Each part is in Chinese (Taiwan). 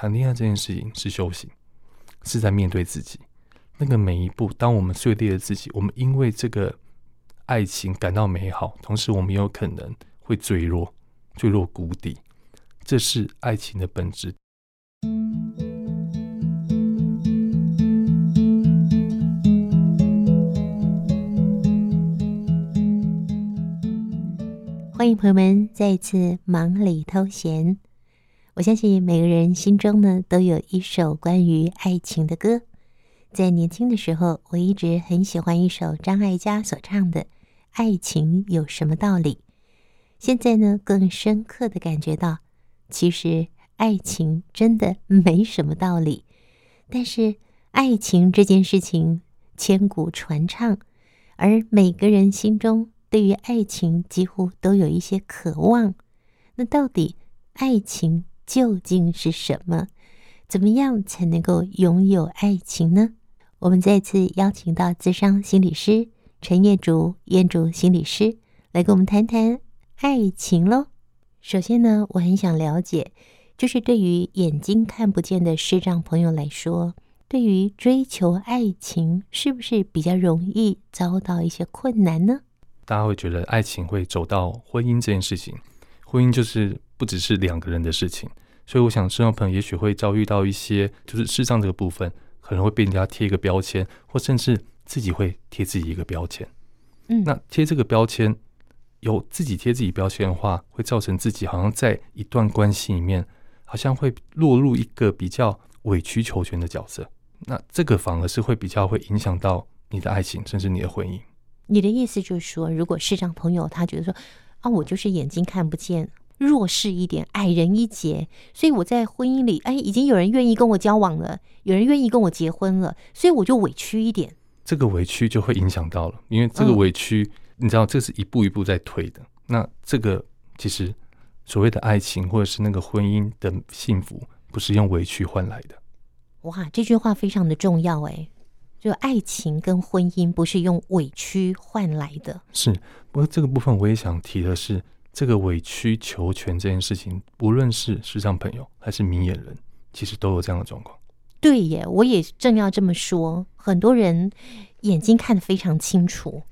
談戀愛這件事情是修行，是在面對自己。那個每一步，當我們碎裂了自己，我們因為這個愛情感到美好，同時我們也有可能會墜落，墜落谷底。這是愛情的本質。歡迎朋友們再一次忙裡偷閒。我相信每個人心中呢都有一首關於愛情的歌。在年輕的時候，我一直很喜歡一首張艾嘉所唱的《愛情有什麼道理》。現在呢，更深刻的感覺到，其實愛情真的沒什麼道理。但是，愛情這件事情千古傳唱，而每個人心中對於愛情幾乎都有一些渴望。那到底愛情？究竟是什麼？怎麼樣才能夠擁有愛情呢？我們再次邀請到諮商心理師陳彥竹、彥竹心理師來跟我們談談愛情嘍。首先呢，我很想了解，就是對於眼睛看不見的視障朋友來說，對於追求愛情是不是比較容易遭到一些困難呢？大家會覺得愛情會走到婚姻這件事情，婚姻就是不只是兩個人的事情。所以我想，視障朋友也許會遭遇到一些，就是視障這個部分，可能會被人家貼一個標籤，或甚至自己會貼自己一個標籤。嗯，那貼這個標籤，有自己貼自己標籤的話，會造成自己好像在一段關係裡面，好像會落入一個比較委曲求全的角色。那這個反而是會比較會影響到你的愛情，甚至你的婚姻。你的意思就是說，如果視障朋友他覺得說，啊，我就是眼睛看不見，弱勢一點，矮人一截，所以我在婚姻裡，哎，已經有人願意跟我交往了，有人願意跟我結婚了，所以我就委屈一點。這個委屈就會影響到了，因為這個委屈，嗯、你知道，這是一步一步在退的。那這個其實所謂的愛情或者是那個婚姻的幸福，不是用委屈換來的。哇，這句話非常的重要哎，就愛情跟婚姻不是用委屈換來的。是，不過這個部分我也想提的是。這個委曲求全這件事情，無論是視障朋友還是明眼人，其實都有這樣的狀況。對耶，我也正要這麼說。很多人眼睛看得非常清楚，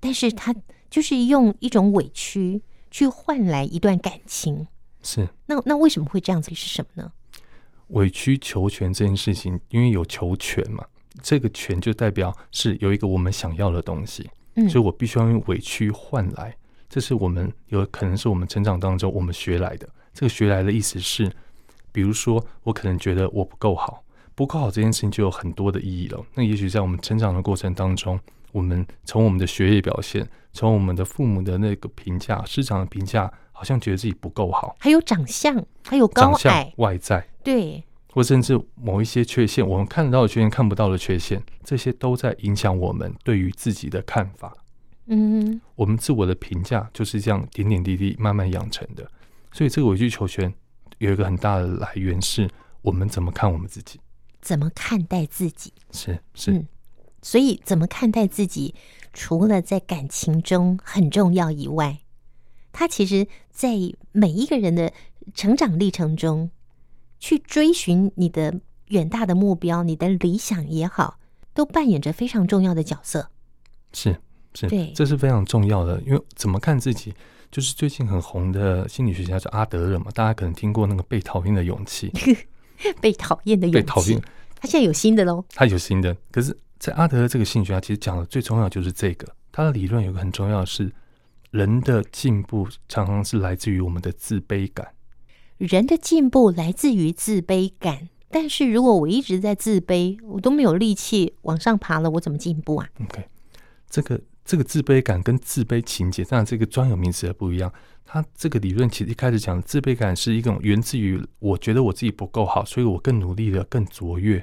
但是他就是用一種委屈去換來一段感情。是。那那為什麼會這樣子？是什麼呢？委曲求全這件事情，因為有求全嘛，這個全就代表是有一個我們想要的東西，嗯，所以我必須要用委屈換來。這是我們有可能是我們成長當中我們學來的。這個學來的意思是，比如說，我可能覺得我不夠好，不夠好這件事情就有很多的意義了。那也許在我們成長的過程當中，我們從我們的學業表現，從我們的父母的那個評價、師長的評價，好像覺得自己不夠好。還有長相，還有高、長相、外在，對，或甚至某一些缺陷，我們看得到的缺陷、看不到的缺陷，這些都在影響我們對於自己的看法。嗯， 我們自我的評價就是這樣，點點滴滴慢慢養成的。所以這個委曲求全有一個很大的來源，是我們怎麼看我們自己，怎麼看待自己，是是。嗯，所以怎麼看待自己，除了在感情中很重要以外，他其實，在每一個人的成長歷程中，去追尋你的遠大的目標、你的理想也好，都扮演着非常重要的角色。是。是對，這是非常重要的，因為怎麼看自己，就是最近很紅的心理學家叫阿德勒嘛，大家可能聽過那個被討厭的勇氣， 被討厭的勇氣，他現在有新的嘍，他有新的。可是，在阿德勒這個心理學家其實講的最重要就是這個，他的理論有個很重要的是，人的進步常常是來自於我們的自卑感，人的進步來自於自卑感，但是如果我一直在自卑，我都沒有力氣往上爬了，我怎麼進步啊？OK，這個。這個自卑感跟自卑情結，當然這個專有名詞也不一樣。它這個理論其實一開始講自卑感是一種源自於我覺得我自己不夠好，所以我更努力的更卓越、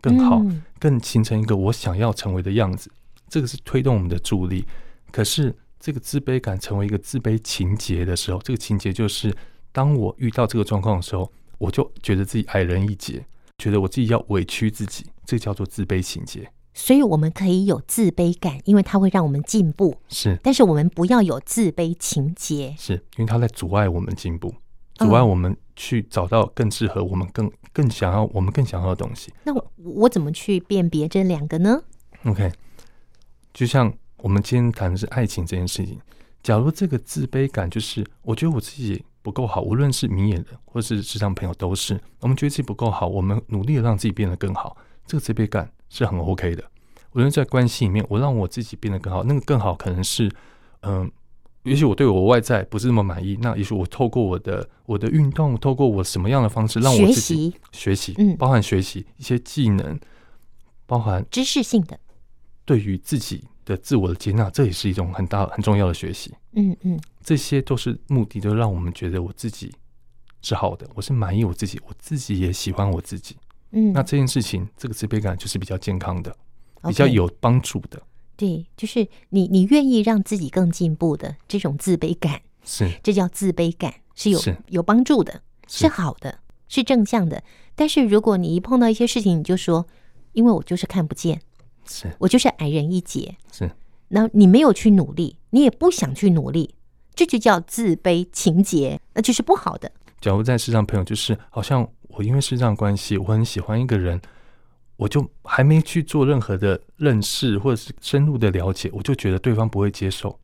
更好、嗯、更形成一個我想要成為的樣子，這個是推動我們的助力。可是這個自卑感成為一個自卑情結的時候，這個情結就是當我遇到這個狀況的時候，我就覺得自己矮人一截，覺得我自己要委屈自己，這個、叫做自卑情結。所以我們可以有自卑感，因為它會讓我們進步。是，但是我們不要有自卑情結，是因為它在阻礙我們進步，嗯、阻礙我們去找到更適合我們更、更更想要我們更想要的東西。那我我怎麼去辨別這兩個呢？OK，就像我們今天談的是愛情這件事情，假如這個自卑感就是我覺得我自己不夠好，無論是明眼人或是視障朋友都是，我們覺得自己不夠好，我們努力的讓自己變得更好，這個自卑感。是很 OK 的。我認為在關係裡面，我讓我自己變得更好。那個更好可能是，嗯、呃，也許我對我外在不是那麼滿意。那也許我透過我的我的運動，透過我什麼樣的方式，讓我自己學習，嗯、學習，包含學習、嗯、一些技能，包含知識性的。對於自己的自我的接納，這也是一種很大很重要的學習、嗯。嗯嗯，這些都是目的，都讓我們覺得我自己是好的，我是滿意我自己，我自己也喜歡我自己。嗯，那這件事情，嗯、這個自卑感就是比較健康的，okay, 比較有幫助的。對，就是你，你願意讓自己更進步的這種自卑感，是這叫自卑感，是有是有幫助的，是，是好的，是正向的。但是如果你一碰到一些事情，你就說，因為我就是看不見，是我就是矮人一截，是，那你沒有去努力，你也不想去努力，這就叫自卑情結，那就是不好的。假如在世上，朋友就是好像。我因為是這樣關係，我很喜歡一個人，我就還沒去做任何的認識或者是深入的了解，我就覺得對方不會接受。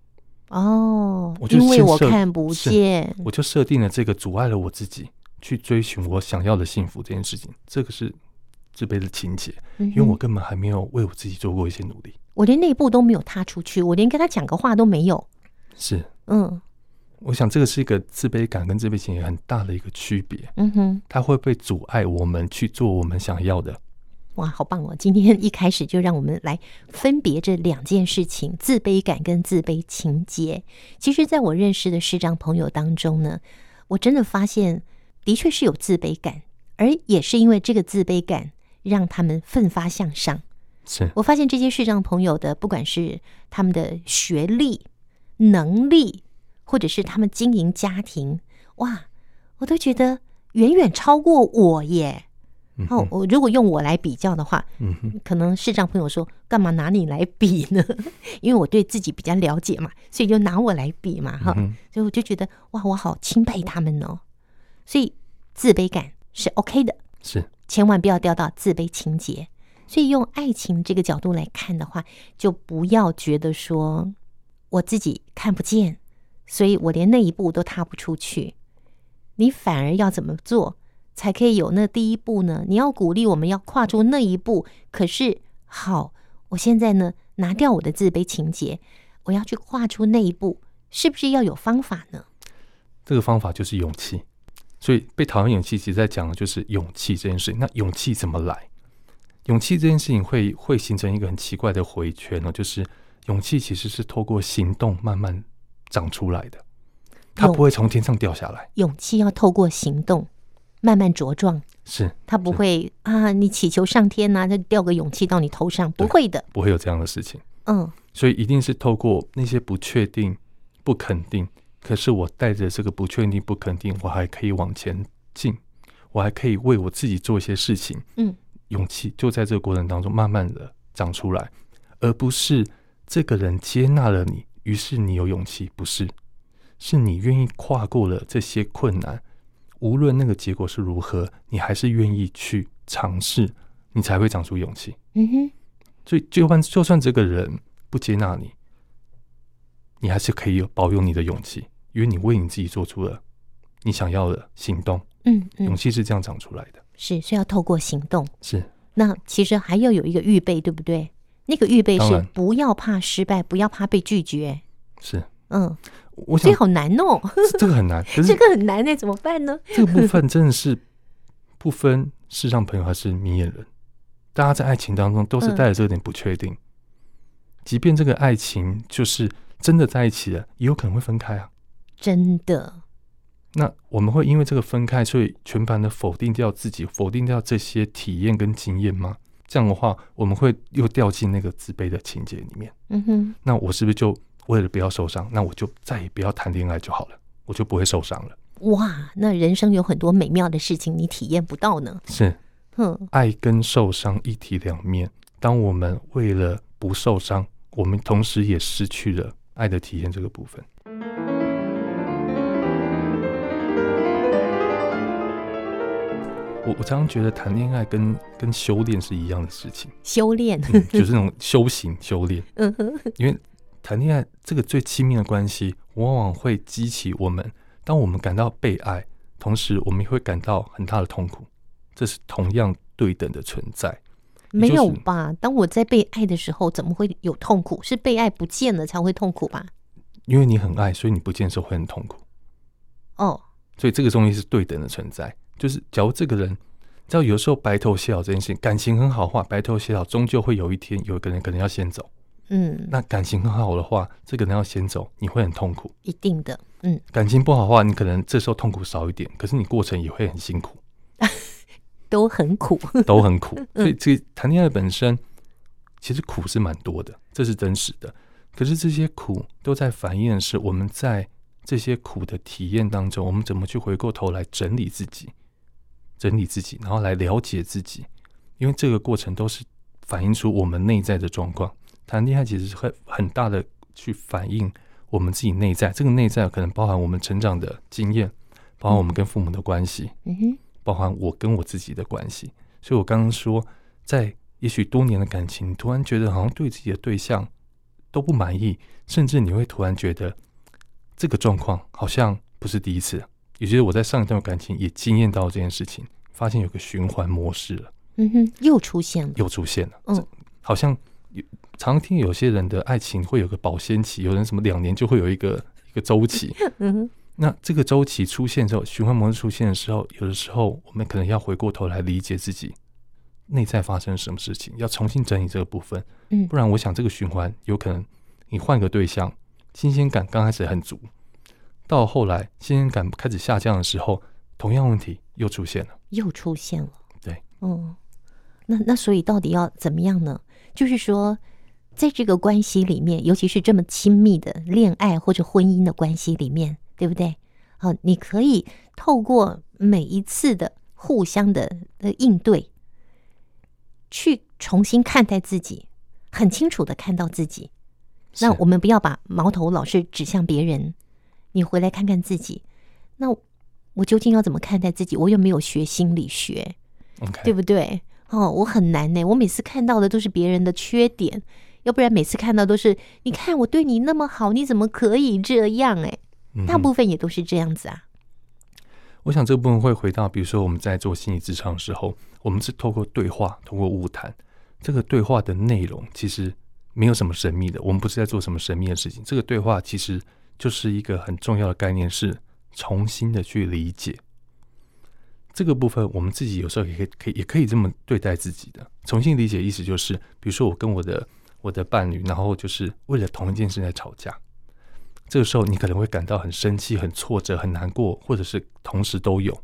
哦，我就因為我看不見，我就設定了這個阻礙了我自己去追尋我想要的幸福這件事情。這個是自卑的情結，嗯哼，因為我根本還沒有為我自己做過一些努力，我連那一步都沒有踏出去，我連跟他講個話都沒有。是，嗯。我想這個是一個自卑感、跟自卑情結很大的一個區別。嗯哼，它會不會阻礙我們去做我們想要的。哇，好棒哦！今天一開始就讓我們來分別這兩件事情：自卑感跟自卑情結。其實，在我認識的視障朋友當中呢，我真的發現，的確是有自卑感，而也是因為這個自卑感，讓他們奮發向上。是，我發現這些視障朋友的，不管是他們的學歷、能力。或者是他們經營家庭，哇，我都覺得遠遠超過我耶。嗯、哼哦，我如果用我來比較的話，嗯、哼可能視障朋友說幹嘛拿你來比呢？ 因為我對自己比較了解嘛，所以就拿我來比嘛，哈、哦。嗯、哼所以我就覺得哇，我好欽佩他們哦。所以自卑感是 OK 的，是千萬不要掉到自卑情結。所以用愛情這個角度來看的話，就不要覺得說我自己看不見，所以我連那一步都踏不出去，你反而要怎麼做才可以有那第一步呢？你要鼓勵我們要跨出那一步。可是，好，我現在呢，拿掉我的自卑情結，我要去跨出那一步，是不是要有方法呢？這個方法就是勇氣。所以《被討厭勇氣》，其實在講的就是勇氣這件事情。那勇氣怎麼來？勇氣這件事情會會形成一個很奇怪的回圈呢？就是勇氣其實是透過行動慢慢。長出來的，他不會從天上掉下來。勇氣要透過行動，慢慢茁壯。是，他不會是啊！你祈求上天吶、啊，就掉個勇氣到你頭上，對不會的，不會有這樣的事情。嗯，所以一定是透過那些不確定、不肯定，可是我帶着這個不確定、不肯定，我還可以往前進，我還可以為我自己做一些事情。嗯，勇氣就在這個過程當中慢慢的長出來，而不是這個人接納了你。於是你有勇氣，不是，是你願意跨過了這些困難，無論那個結果是如何，你還是願意去嘗試，你才會長出勇氣。嗯哼。所以就算就算這個人不接納你，對你還是可以保有你的勇氣，因為你為你自己做出了你想要的行動。嗯，嗯，勇氣是這樣長出來的，是，所以要透過行動。是。那其實還要有一個預備，對不對？那個預備是不要怕失敗，然不要怕被拒絕。是，嗯，我想這好難哦 ，這個很難，這個很難，欸，那怎麼辦呢？ 這個部分真的是不分視障朋友還是明眼人，大家在愛情當中都是帶着這一點不確定。嗯、即便這個愛情就是真的在一起了，也有可能會分開啊。真的。那我們會因為這個分開，所以全盤的否定掉自己，否定掉這些體驗跟經驗嗎？這樣的話，我們會又掉進那個自卑的情結裡面。嗯哼，那我是不是就為了不要受傷，那我就再也不要談戀愛就好了？我就不會受傷了。哇，那人生有很多美妙的事情你體驗不到呢。是，哼，愛跟受傷一體兩面。當我們為了不受傷，我們同時也失去了愛的體驗這個部分。我我常常覺得談戀愛跟跟修煉是一樣的事情，修煉、 嗯、就是那種修行。修煉，嗯哼，因為談戀愛這個最親密的關係，往往會激起我們，當我們感到被愛，同時我們也會感到很大的痛苦，這是同樣對等的存在。沒有吧？就是、當我在被愛的時候，怎麼會有痛苦？是被愛不見了才會痛苦吧？因為你很愛，所以你不見的時候會很痛苦。哦，oh. 所以這個東西是對等的存在。就是，假如這個人，你知道有時候白頭偕老這件事情，感情很好話，白頭偕老終究會有一天有一個人可能要先走，嗯，那感情很好的話，這個人要先走，你會很痛苦，一定的，嗯，感情不好的話，你可能這時候痛苦少一點，可是你過程也會很辛苦，啊、都很苦，都很苦，所以這個談戀愛本身、嗯、其實苦是蠻多的，這是真實的。可是這些苦都在反映的是，我們在這些苦的體驗當中，我們怎麼去回過頭來整理自己。整理自己，然後來了解自己，因為這個過程都是反映出我們內在的狀況。談戀愛其實是很很大的去反映我們自己內在，這個內在可能包含我們成長的經驗，包含我們跟父母的關係，嗯哼，包含我跟我自己的關係。嗯哼。所以我剛剛說，在也許多年的感情，你突然覺得好像對自己的對象都不滿意，甚至你會突然覺得這個狀況好像不是第一次。也就是我在上一段感情也經驗到這件事情，發現有個循環模式了。嗯哼，又出現了，又出現了。嗯,好像有常聽有些人的愛情會有個保鮮期，有人什麼兩年就會有一個一個週期。嗯哼,那這個週期出現之後，循環模式出現的時候，有的時候我們可能要回過頭來理解自己內在發生什麼事情，要重新整理這個部分。嗯，不然我想這個循環有可能你換個對象，新鮮感剛開始很足。到後來新鮮感開始下降的時候，同樣問題又出現了，又出現了。對，哦，那那所以到底要怎麼樣呢？就是說，在這個關係裡面，尤其是這麼親密的戀愛或者婚姻的關係裡面，對不對？啊，你可以透過每一次的互相的的應對，去重新看待自己，很清楚的看到自己。是那我們不要把矛頭老是指向別人。你回來看看自己，那我究竟要怎麼看待自己？我又沒有學心理學，Okay. 對不對？哦，我很難呢、欸。我每次看到的都是別人的缺點，要不然每次看到都是你看我對你那麼好，你怎麼可以這樣、欸？哎、mm，hmm. 大部分也都是這樣子啊。我想這部分會回到，比如說我們在做心理諮商的時候，我們是透過對話，通過晤談。這個對話的內容其實沒有什麼神秘的，我們不是在做什麼神秘的事情。這個對話其實。就是一個很重要的概念，是重新的去理解這個部分。我們自己有時候也可以、可以、也可以這麼對待自己的。重新理解意思就是，比如說我跟我的我的伴侶，然後就是為了同一件事在吵架，這個時候你可能會感到很生氣、很挫折、很難過，或者是同時都有。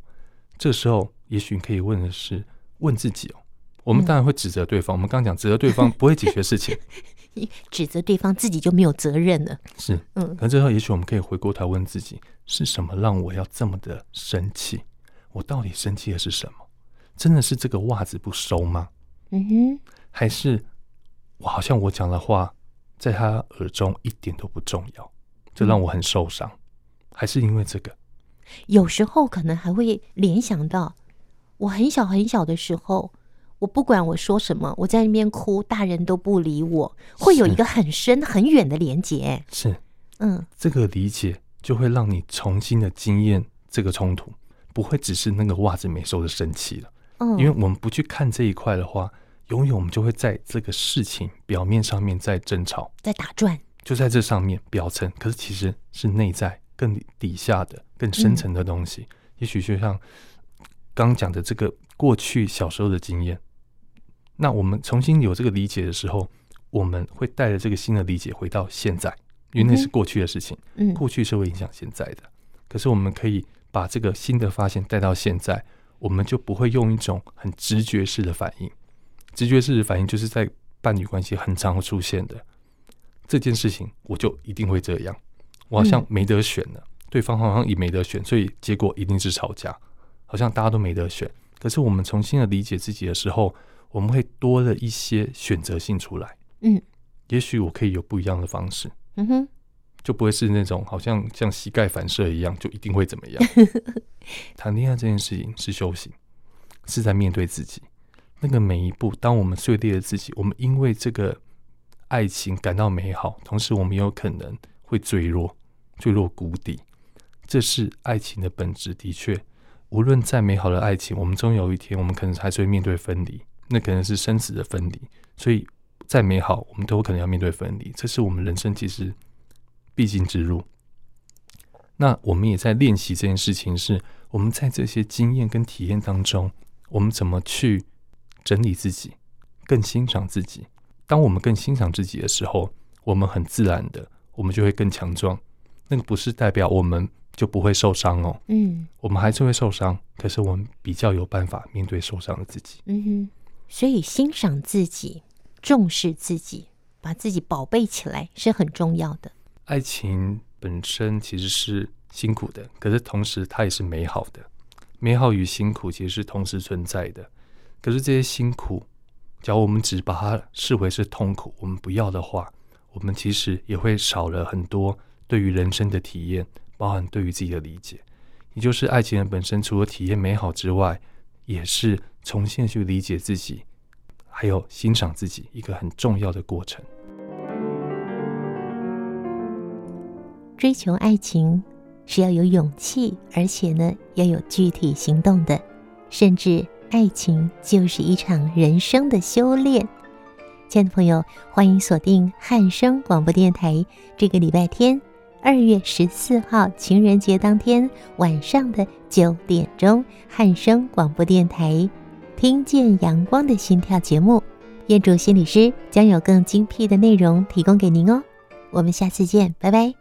這個時候也許你可以問的是，問自己哦，我們當然會指責對方。我們剛講指責對方不會解決事情。 指責對方，自己就沒有責任了。是，嗯，可最後也許我們可以回過頭問自己，是什麼讓我要這麼的生氣？我到底生氣的是什麼？真的是這個襪子不收嗎？嗯哼，還是我好像我講的話在他耳中一點都不重要，這讓我很受傷。還是因為這個？有時候可能還會聯想到，我很小很小的時候。我不管我說什麼，我在那邊哭，大人都不理我，會有一個很深是很遠的連接。是，嗯，這個理解就會讓你重新的經驗這個衝突，不會只是那個襪子沒收的生氣了。嗯，因為我們不去看這一塊的話，永遠我們就會在這個事情表面上面在爭吵，在打轉，就在這上面表層，可是其實是內在更底下的更深層的東西，嗯、也許就像剛講的這個過去小時候的經驗。那我們重新有這個理解的時候，我們會帶着這個新的理解回到現在，因為那是過去的事情，過去是會影響現在的。可是我們可以把這個新的發現帶到現在，我們就不會用一種很直覺式的反應。直覺式的反應就是在伴侶關係很常會出現的這件事情，我就一定會這樣，我好像沒得選了，嗯，對方好像也沒得選，所以結果一定是吵架，好像大家都沒得選。可是我們重新的理解自己的時候。我們會多了一些選擇性出來，嗯，也許我可以有不一樣的方式，嗯哼，就不會是那種好像像膝蓋反射一樣，就一定會怎麼樣。談戀愛這件事情是修行，是在面對自己。那個每一步，當我們碎裂了自己，我們因為這個愛情感到美好，同時我們也有可能會墜落，墜落谷底。這是愛情的本質。的確，無論再美好的愛情，我們終有一天，我們可能還是會面對分離。那可能是生死的分離，所以再美好，我們都可能要面對分離，這是我們人生其實必經之路。那我們也在練習這件事情是，是我們在這些經驗跟體驗當中，我們怎麼去整理自己，更欣賞自己。當我們更欣賞自己的時候，我們很自然的，我們就會更強壯。那個不是代表我們就不會受傷哦，嗯，我們還是會受傷，可是我們比較有辦法面對受傷的自己。嗯哼。所以，欣賞自己，重視自己，把自己寶貝起來是很重要的。愛情本身其實是辛苦的，可是同時它也是美好的，美好與辛苦其實是同時存在的。可是這些辛苦，假如我們只把它視為是痛苦，我們不要的話，我們其實也會少了很多對於人生的體驗，包含對於自己的理解。也就是，愛情本身除了體驗美好之外，也是。重新去理解自己，還有欣賞自己，一個很重要的過程。追求愛情是要有勇氣，而且呢要有具體行動的。甚至愛情就是一場人生的修煉。親愛的朋友，歡迎鎖定漢聲廣播電台。這個禮拜天，二月十四號情人節當天晚上的九點鐘，漢聲廣播電台。聽見陽光的心跳節目，彥竹心理師將有更精闢的內容提供給您哦。我們下次見，拜拜。